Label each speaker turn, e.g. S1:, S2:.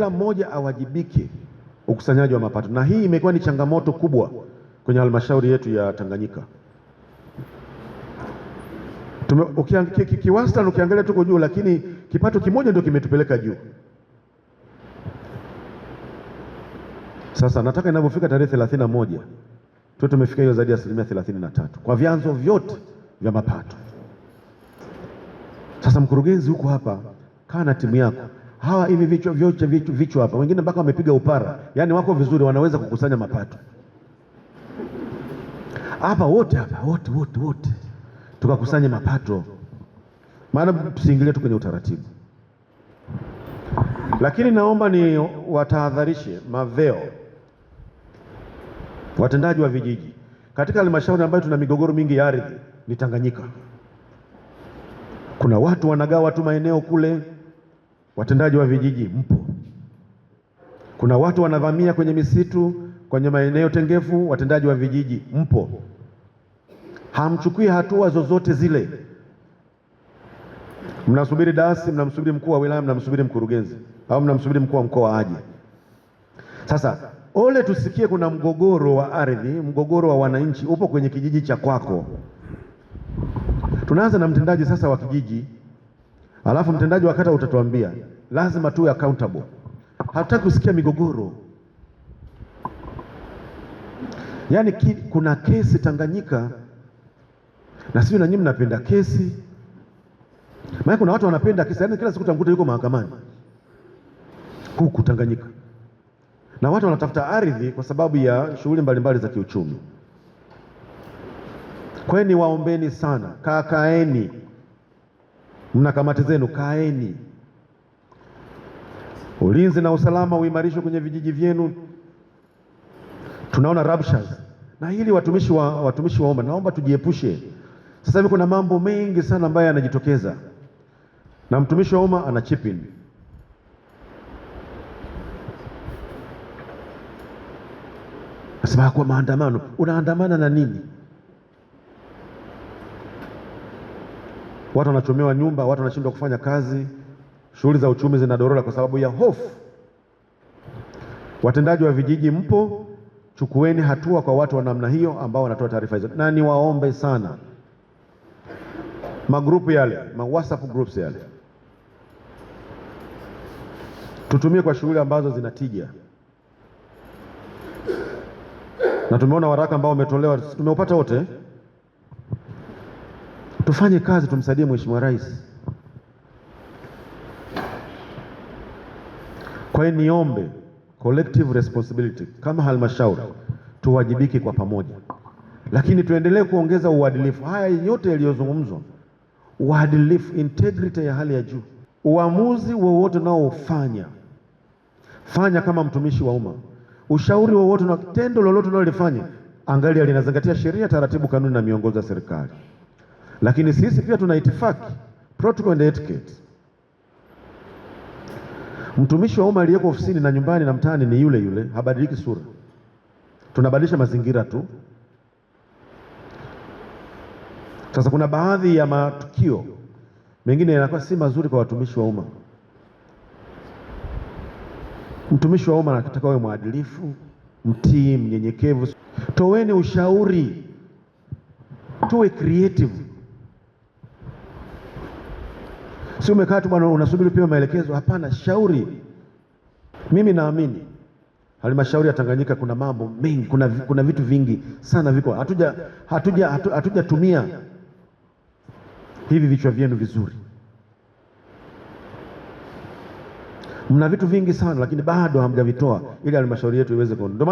S1: Kila mmoja awajibike ukusanyaji wa mapato, na hii imekuwa ni changamoto kubwa kwenye halmashauri yetu ya Tanganyika. Kiwastani ukiangalia tuko juu, lakini kipato kimoja ndio kimetupeleka juu. Sasa nataka inavyofika tarehe 31 tuwe tumefika hiyo zaidi ya asilimia 33 kwa vyanzo vyote vya mapato. Sasa mkurugenzi, huko hapa, kaa na timu yako hawa hivi vichwa vyote vitu vichwa hapa wengine mpaka wamepiga upara, yaani wako vizuri, wanaweza kukusanya mapato hapa wote hapa wote wote wote tukakusanya mapato, maana tusiingilie tu kwenye utaratibu. Lakini naomba ni watahadharishe maveo watendaji wa vijiji katika halmashauri ambayo tuna migogoro mingi ya ardhi ni Tanganyika. Kuna watu wanagawa tu maeneo kule Watendaji wa vijiji mpo, kuna watu wanavamia kwenye misitu, kwenye maeneo tengefu. Watendaji wa vijiji mpo, hamchukui hatua zozote zile. Mnasubiri dasi, mnamsubiri mkuu wa wilaya, mnamsubiri mkurugenzi, au mnamsubiri mkuu wa mkoa aje. Sasa ole tusikie kuna mgogoro wa ardhi, mgogoro wa wananchi upo kwenye kijiji cha kwako. Tunaanza na mtendaji sasa wa kijiji Alafu mtendaji wa kata utatuambia, lazima tuwe accountable. Hatutaki kusikia migogoro. Yaani ki, kuna kesi Tanganyika na sio, na nyinyi mnapenda kesi, maana kuna watu wanapenda kesi. Yaani kila siku tamkuta yuko mahakamani huku Tanganyika, na watu wanatafuta ardhi kwa sababu ya shughuli mbalimbali za kiuchumi. Kweni, waombeni sana, kakaeni mna kamati zenu, kaeni. Ulinzi na usalama uimarishwe kwenye vijiji vyenu. Tunaona rabshas na hili watumishi wa watumishi waomba, naomba tujiepushe. Sasa hivi kuna mambo mengi sana ambayo yanajitokeza na mtumishi wa umma ana chipin nasema kwa maandamano, unaandamana na nini? watu wanachomewa nyumba, watu wanashindwa kufanya kazi, shughuli za uchumi zinadorora kwa sababu ya hofu. Watendaji wa vijiji mpo, chukueni hatua kwa watu wa namna hiyo ambao wanatoa taarifa hizo, na niwaombe sana magrupu yale, ma WhatsApp groups yale tutumie kwa shughuli ambazo zinatija, na tumeona waraka ambao umetolewa tumeupata wote tufanye kazi tumsaidie Mheshimiwa Rais. Kwa hiyo niombe collective responsibility kama halmashauri tuwajibike kwa pamoja, lakini tuendelee kuongeza uadilifu. Haya yote yaliyozungumzwa, uadilifu, integrity ya hali ya juu. Uamuzi wowote unaofanya fanya kama mtumishi wa umma, ushauri wowote na tendo lolote unalolifanya, angalia linazingatia sheria, taratibu, kanuni na miongozo ya serikali. Lakini sisi pia tuna itifaki protocol and etiquette. Mtumishi wa umma aliyeko ofisini na nyumbani na mtaani ni yule yule, habadiliki sura, tunabadilisha mazingira tu. Sasa kuna baadhi ya matukio mengine yanakuwa si mazuri kwa watumishi wa umma. Mtumishi wa umma anataka awe mwadilifu, mtii, mnyenyekevu. Toweni ushauri, tuwe creative. si umekaa tu bwana unasubiri pia maelekezo. Hapana, shauri. Mimi naamini halmashauri ya Tanganyika kuna mambo mengi, kuna, kuna vitu vingi sana viko hatuja hatuja hatujatumia hivi vichwa vyenu vizuri. Mna vitu vingi sana lakini bado hamjavitoa ili halmashauri yetu iweze kuona.